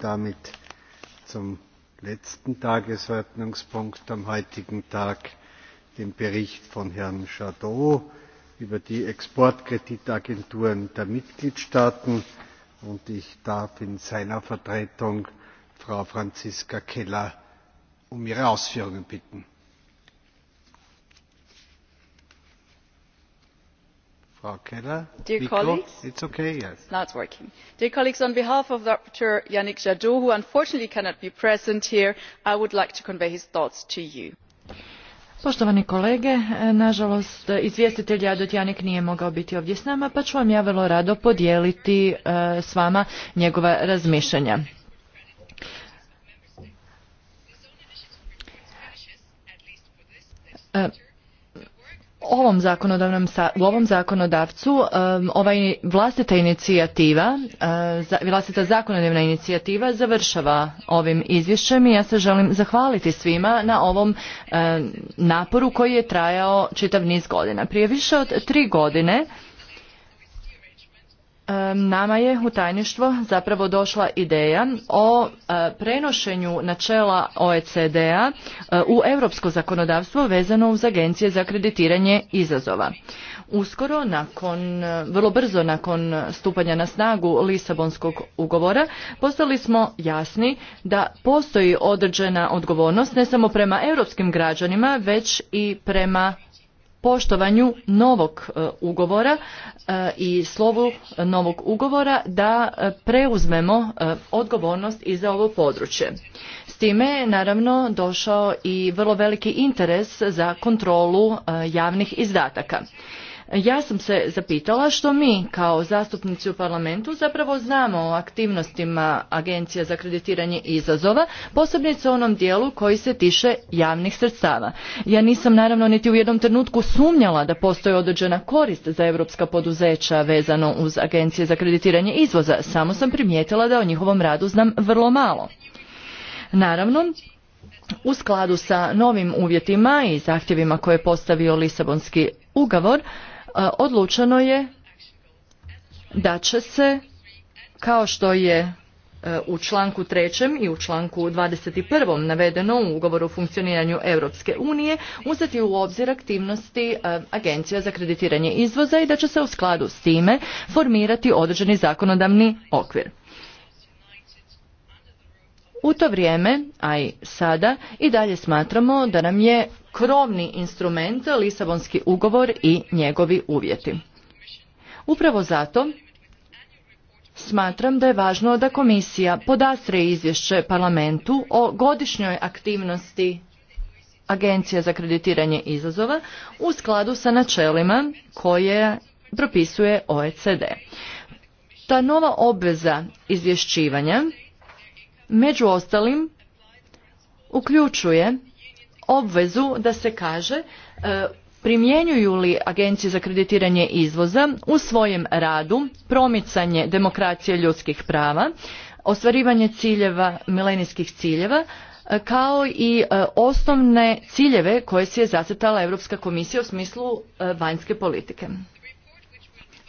damit zum letzten tagesordnungspunkt am heutigen tag dem bericht von herrn jadot über die exportkreditagenturen der mitgliedstaaten und ich darf in seiner vertretung frau franziska keller um ihre ausführungen bitten. Dear colleagues, it's okay, yes. working. Dear colleagues, on behalf of the rapporteur Yannick Jadot, who unfortunately cannot be present here, I would like to convey his thoughts to you. potovani kolege, naalost izvjestitelj Jadotjanik nije mogao biti ovdje s nama, pa u vam ja vrlo rado podijeliti e, s vama njegova razmiljanja. E, ovom zakonodavnom, u ovom zakonodavcu um, ovaj vlastita inicijativa, uh, vlastita zakonodavna inicijativa završava ovim izvješćem i ja se želim zahvaliti svima na ovom uh, naporu koji je trajao čitav niz godina. Prije više od tri godine Nama je u tajništvo zapravo došla ideja o e, prenošenju načela OECD-a e, u europsko zakonodavstvo vezano uz agencije za kreditiranje izazova. Uskoro, nakon, e, vrlo brzo nakon stupanja na snagu Lisabonskog ugovora, postali smo jasni da postoji određena odgovornost ne samo prema europskim građanima, već i prema poštovanju novog e, ugovora e, i slovu novog ugovora da e, preuzmemo odgovornost i za ovo područje. S time je naravno došao i vrlo veliki interes za kontrolu javnih izdataka. Ja sam se zapitala što mi kao zastupnici u parlamentu zapravo znamo o aktivnostima Agencija za kreditiranje izazova, posebnice u onom dijelu koji se tiše javnih sredstava. Ja nisam naravno niti u jednom trenutku sumnjala da postoji određena korist za europska poduzeća vezano uz Agencije za kreditiranje izvoza, samo sam primijetila da o njihovom radu znam vrlo malo. Naravno, u skladu sa novim uvjetima i zahtjevima koje je postavio Lisabonski ugovor, odlučeno je da će se kao što je e, u članku 3. i u članku 21. navedeno u ugovoru o funkcioniranju Europske unije uzeti u obzir aktivnosti e, Agencija za kreditiranje izvoza i da će se u skladu s time formirati određeni zakonodavni okvir. U to vrijeme, a i sada, i dalje smatramo da nam je krovni instrument Lisabonski ugovor i njegovi uvjeti. Upravo zato Smatram da je važno da komisija podastre izvješće parlamentu o godišnjoj aktivnosti Agencije za kreditiranje izazova u skladu sa načelima koje propisuje OECD. Ta nova obveza izvješćivanja među ostalim uključuje obvezu da se kaže e, primjenjuju li agencije za kreditiranje izvoza u svojem radu promicanje demokracije ljudskih prava, ostvarivanje ciljeva, milenijskih ciljeva, e, kao i e, osnovne ciljeve koje si je zacrtala Europska komisija u smislu vanjske politike.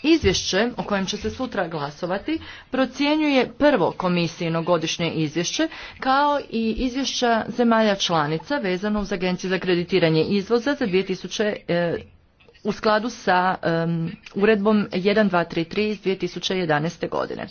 Izvješće o kojem će se sutra glasovati procjenjuje prvo komisijino godišnje izvješće kao i izvješća zemalja članica vezano uz Agenciju za kreditiranje izvoza za 2000, e, u skladu sa uredbom 1233 iz 2011. godine.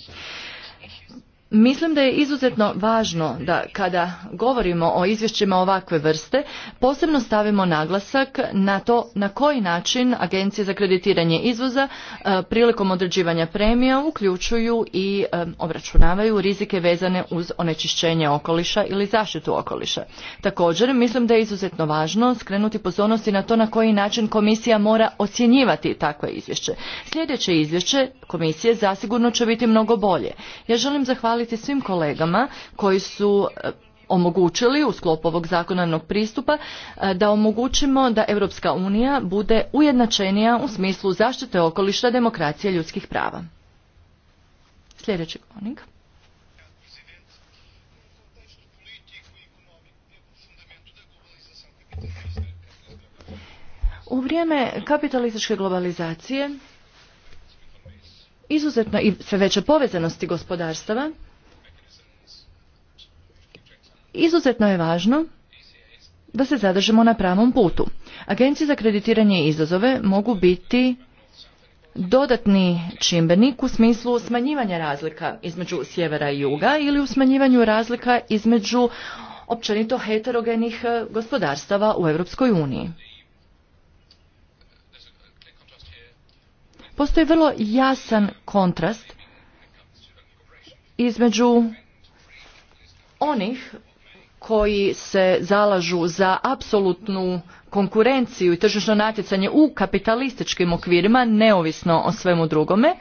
Mislim da je izuzetno važno da kada govorimo o izvješćima ovakve vrste, posebno stavimo naglasak na to na koji način agencije za kreditiranje izvoza e, prilikom određivanja premija uključuju i e, obračunavaju rizike vezane uz onečišćenje okoliša ili zaštitu okoliša. Također, mislim da je izuzetno važno skrenuti pozornosti na to na koji način komisija mora ocjenjivati takve izvješće. Sljedeće izvješće komisije zasigurno će biti mnogo bolje. Ja želim zahvaliti zahvaliti svim kolegama koji su e, omogućili u sklopu ovog zakonarnog pristupa e, da omogućimo da Europska unija bude ujednačenija u smislu zaštite okoliša, demokracije ljudskih prava. Sljedeći U vrijeme kapitalističke globalizacije izuzetno i sve veće povezanosti gospodarstava Izuzetno je važno da se zadržimo na pravom putu. Agencije za kreditiranje izazove mogu biti dodatni čimbenik u smislu smanjivanja razlika između sjevera i juga ili u smanjivanju razlika između općenito heterogenih e, gospodarstava u Europskoj uniji. Postoji vrlo jasan kontrast između onih koji se zalažu za apsolutnu konkurenciju i tržišno natjecanje u kapitalističkim okvirima, neovisno o svemu drugome,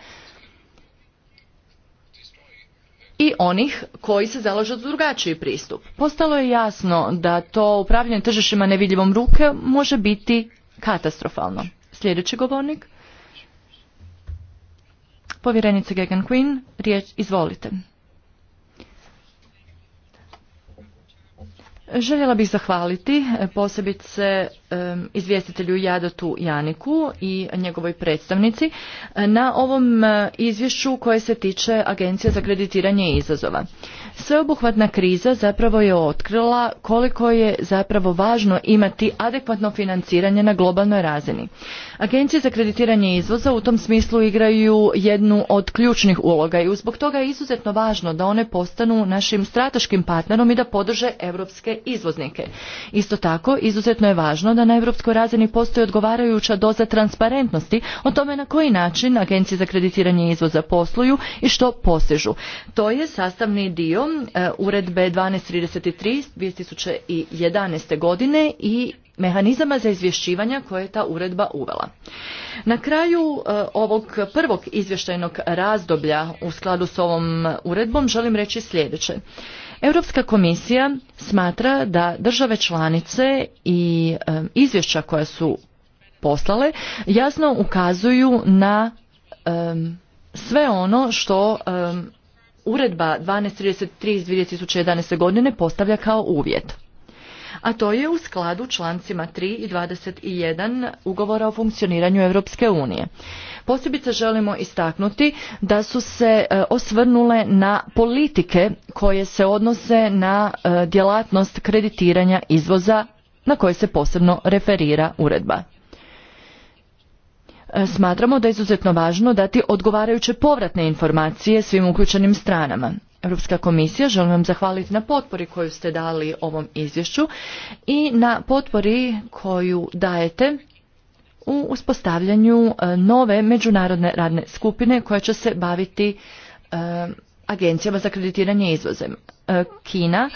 i onih koji se zalažu za drugačiji pristup. Postalo je jasno da to upravljanje tržišima nevidljivom ruke može biti katastrofalno. Sljedeći govornik. Povjerenica Gagan Quinn, riječ izvolite. Željela bih zahvaliti e, posebice izvjestitelju Jadotu Janiku i njegovoj predstavnici e, na ovom e, izvješću koje se tiče Agencije za kreditiranje izazova. Sveobuhvatna kriza zapravo je otkrila koliko je zapravo važno imati adekvatno financiranje na globalnoj razini. Agencije za kreditiranje izvoza u tom smislu igraju jednu od ključnih uloga i zbog toga je izuzetno važno da one postanu našim strateškim partnerom i da podrže europske izvoznike. Isto tako, izuzetno je važno da na europskoj razini postoji odgovarajuća doza transparentnosti o tome na koji način agencije za kreditiranje izvoza posluju i što posežu. To je sastavni dio e, uredbe 1233 2011. godine i mehanizama za izvješćivanja koje je ta uredba uvela. Na kraju e, ovog prvog izvještajnog razdoblja u skladu s ovom uredbom želim reći sljedeće. Europska komisija smatra da države članice i e, izvješća koja su poslale jasno ukazuju na e, sve ono što uredba 1233 iz 2011. godine postavlja kao uvjet a to je u skladu člancima 3 i 21 ugovora o funkcioniranju Europske unije. Posebice želimo istaknuti da su se e, osvrnule na politike koje se odnose na e, djelatnost kreditiranja izvoza na koje se posebno referira uredba e, smatramo da je izuzetno važno dati odgovarajuće povratne informacije svim uključenim stranama Europska komisija, želim vam zahvaliti na potpori koju ste dali ovom izvješću i na potpori koju dajete u uspostavljanju e, nove međunarodne radne skupine koja će se baviti e, agencijama za kreditiranje izvozem. E, Kina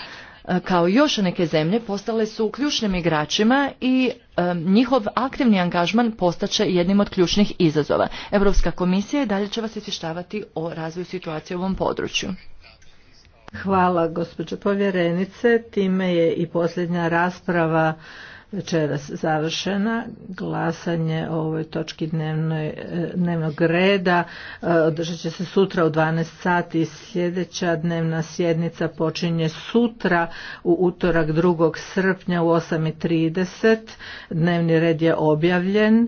kao još neke zemlje postale su ključnim igračima i njihov aktivni angažman postaće jednim od ključnih izazova. Europska komisija i dalje će vas izvještavati o razvoju situacije u ovom području. Hvala gospođo povjerenice. Time je i posljednja rasprava večeras završena. Glasanje o ovoj točki dnevnoj, dnevnog reda e, održat će se sutra u 12 sati. Sljedeća dnevna sjednica počinje sutra u utorak 2. srpnja u 8.30. Dnevni red je objavljen.